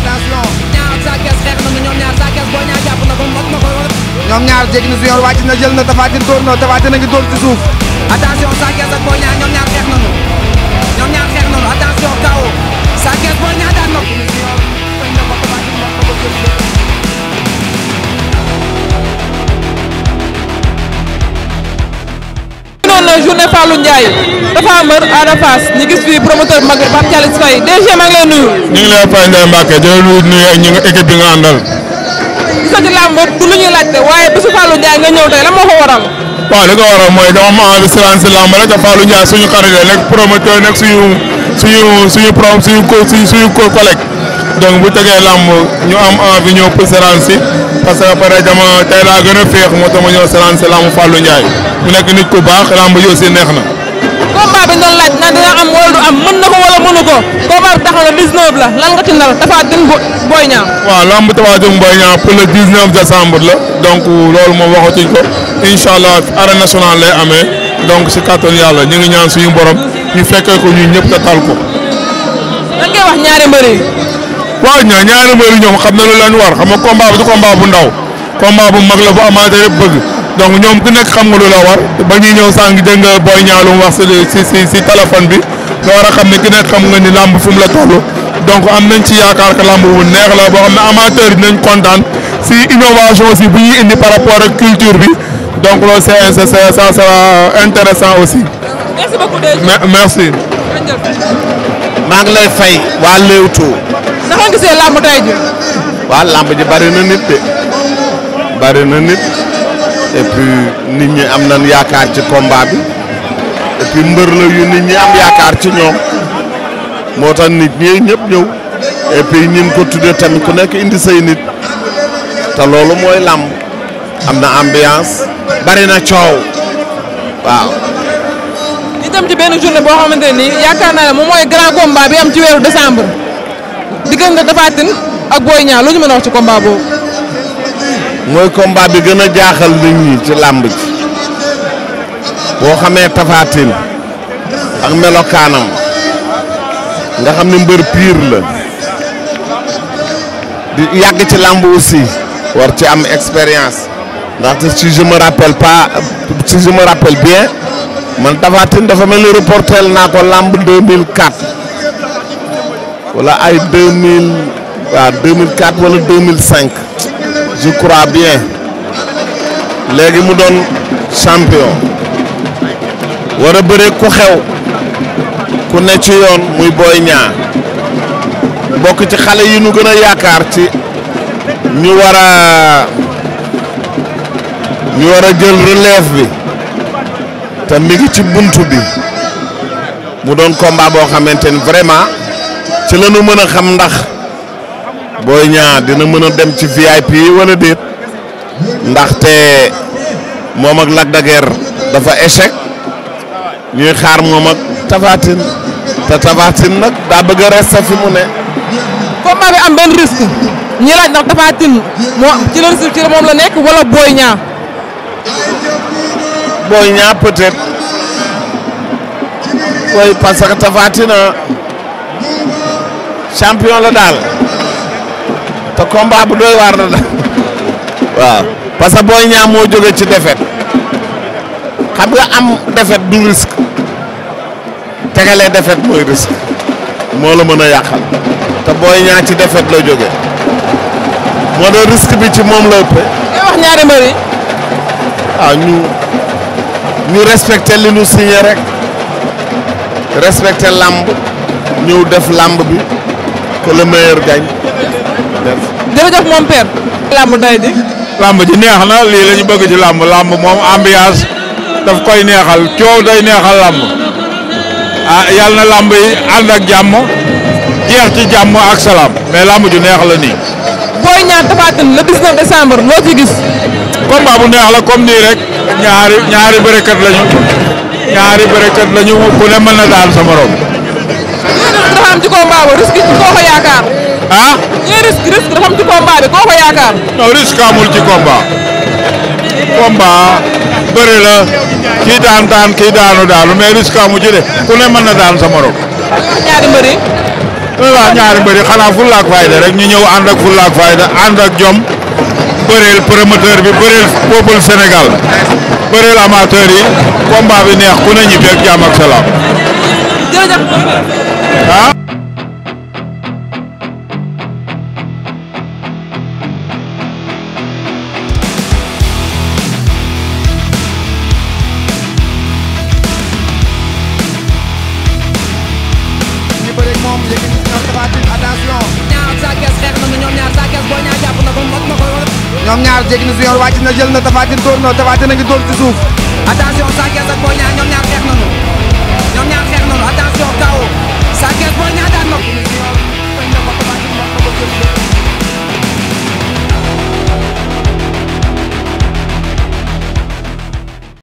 attention ñaar Sa Thiès xeex na ñoom ñaar Sa Thiès Boy Niang jël na Tapha Tine na Tapha a ngi dóor ci suuf attention Sa Thiès ñoom ñaar xeex nañu ñoom ñaar xeex nañu attention kaw Sa Thiès Boy daan na journée Fallou Ndiaye dafa mër Ada Fass ñu gis fii promoteur mag bi Pape Thialis Faye DG maa ngi lay nuyu. ñu ngi lay fay Ndeye Mbacke jërë nga nuyu ak nga équipe bi nga àndal. gis làmb du lu ñuy laajte waaye bésu Fallou Ndiaye nga ñëw la moo ko waral. waaw li ko waral mooy dama ma enregistré si làmb rek Fallou Ndiaye suñu xarit la nekk promoteur nekk suñu suñu suñu pro donc bu tegee làmb ñu am envie ñëw pour seraan si parce que après dama tey laa gën a féex moo tax ma ñëw seraan si làmb Fallou Ndiaye mu nekk nit ku baax làmb yi aussi neex na. combat bi ñu doon laaj naan dina am wala du am mën na ko wala mënu ko combat bi taxaw na 19 la lan nga ci nar Tapha Tine Boy Niang. waaw lamb Tapha Tine Boy Niang pour le 19 décembre la donc loolu moom waxatuñ ko incha allah arène nationale lay amee donc si kàttan yàlla ñu ngi ñaan suñu borom ñu fekkee ko ñun ko. waaw ñaar ñaari mbër ñoom xam na lu leen war xam nga combat bi du combat bu ndaw combat bu mag la bu amaatee yëpp bëgg donc ñoom ku nekk xam nga lu la war ba ñuy ñëw sànq dégg nga booy ñaalum wax si si si bi nga war a xam ne ku nekk xam nga ni làmb fu mu la toll donc am nañ ci yaakaar que làmb bu neex la boo xam ne amateur yi dinañ kontaan si innovation aussi bu ñuy indi par rapport ak culture bi donc loolu c'est ça sera intéressant aussi. merci beaucoup merci. maa ngi lay fay waa dafa gisee làmb tey ji. waaw làmb ji bari na nit de bari na nit et puis ñi am nañ yaakaar ci combat bi et puis mbër la yu nit am yaakaar ci ñoom moo tax nit ñi ñëpp ñëw et ñin ko tuddee tamit ku nekk indi say nit te loolu mooy làmb am na ambiance bari na coow waaw. ñu dem ci benn journée boo xamante ne nii yaakaar naa ne moom grand combat am ci weeru décembre. diggante Tapha Tine ak Boy Niang lu ñu a ci combat boobu. mooy combat bi gën a jaaxal nit ñi ci làmb ji boo xamee Tapha Tine melokaanam nga xam ni mbër la di yàgg ci làmb aussi war ci am expérience ndaxte si je me rappelle pas bien man Tapha dafa mel ni reporter naa ko làmb 2004. wala ay deux mille waaw deux mille wala deux mille cinq je bien léegi mu doon champion war a bëre ku xew ku ne ci yoon muy booy Niang bokk ci xale yi nu gën a yaakaar ci ñu war a ñu war a jël relève bi te mi ci bunt bi mu doon combat boo xamante ni vraiment. ci la ñu mën a xam ndax booy Niang dina mën a dem ci VIP wala déet ndaxte moom ak Lac de dafa échec ñuy xaar moom ak Tapha te Tapha nag daa bëgg a fi mu ne. combat bi am benn risque ñuy laaj ndax Tapha Tine moo ci la risque ci moom la nekk wala Boy Niang. Boy Niang peut-être. oui parce que champion la daal te combat bu doy waar la daal waaw parce que Boy Niang moo jóge ci defet xam nga am défaite du risque tegalee défaite mooy risque moo la mën a yàqal te Boy Niang ci défaite la jóge moo doon risque bi ci moom la ëppee. ngay wax ñaari mbër waaw ah, ñu ñu li ñu signé rek respecté làmb ñëw def làmb bi. que le meilleur gagne. jërëjëf moom làmb day di. làmb ji neex na lii la bëgg ci làmb làmb moom ambiance daf koy neexal coow day neexal làmb ah yàlla na làmb yi ànd ak jàmm jeex ci jàmm ak salaam mais làmb ju neex la nii. Boy Niang Tapha Tine le 19 loo ci gis. combat bu neex la comme nii rek ñaari ñaari bërëkkat lañu ñaari bërëkkat lañu ku ne mën na daal sa morom. am ci combat ba risque koo ko yaakaar. ah. ñooy eh, risque risque dafa am bi koo ko yaakaar. non amul ci combat. combat la kii daan daan kii daanu daanu mais risque amul ci de ku ne mën na daan sa morom. ñaari mbëri. loolu eh, laa ñaari mbëri xanaa fulla ak fayda rek ñu ñëw ànd ak fulla fayda ànd ak jom. bëreel promoteur bi bëreel peuple Sénégal bëreel amateur yi combat bi neex ku ne ñibbi ak jàmm ak attention ñaar ak Sa Thiès xeex na ñoom ñaar Sa Thiès Boy Niang jàpp na ko mot na ko ñoom ñaar jéggi na su yoon wàcc na jël na Tapha Tine dóor na Tapha Tine a ngi dóor ci suuf attention Sa Thiès ak Boy Niang ñoom ñaar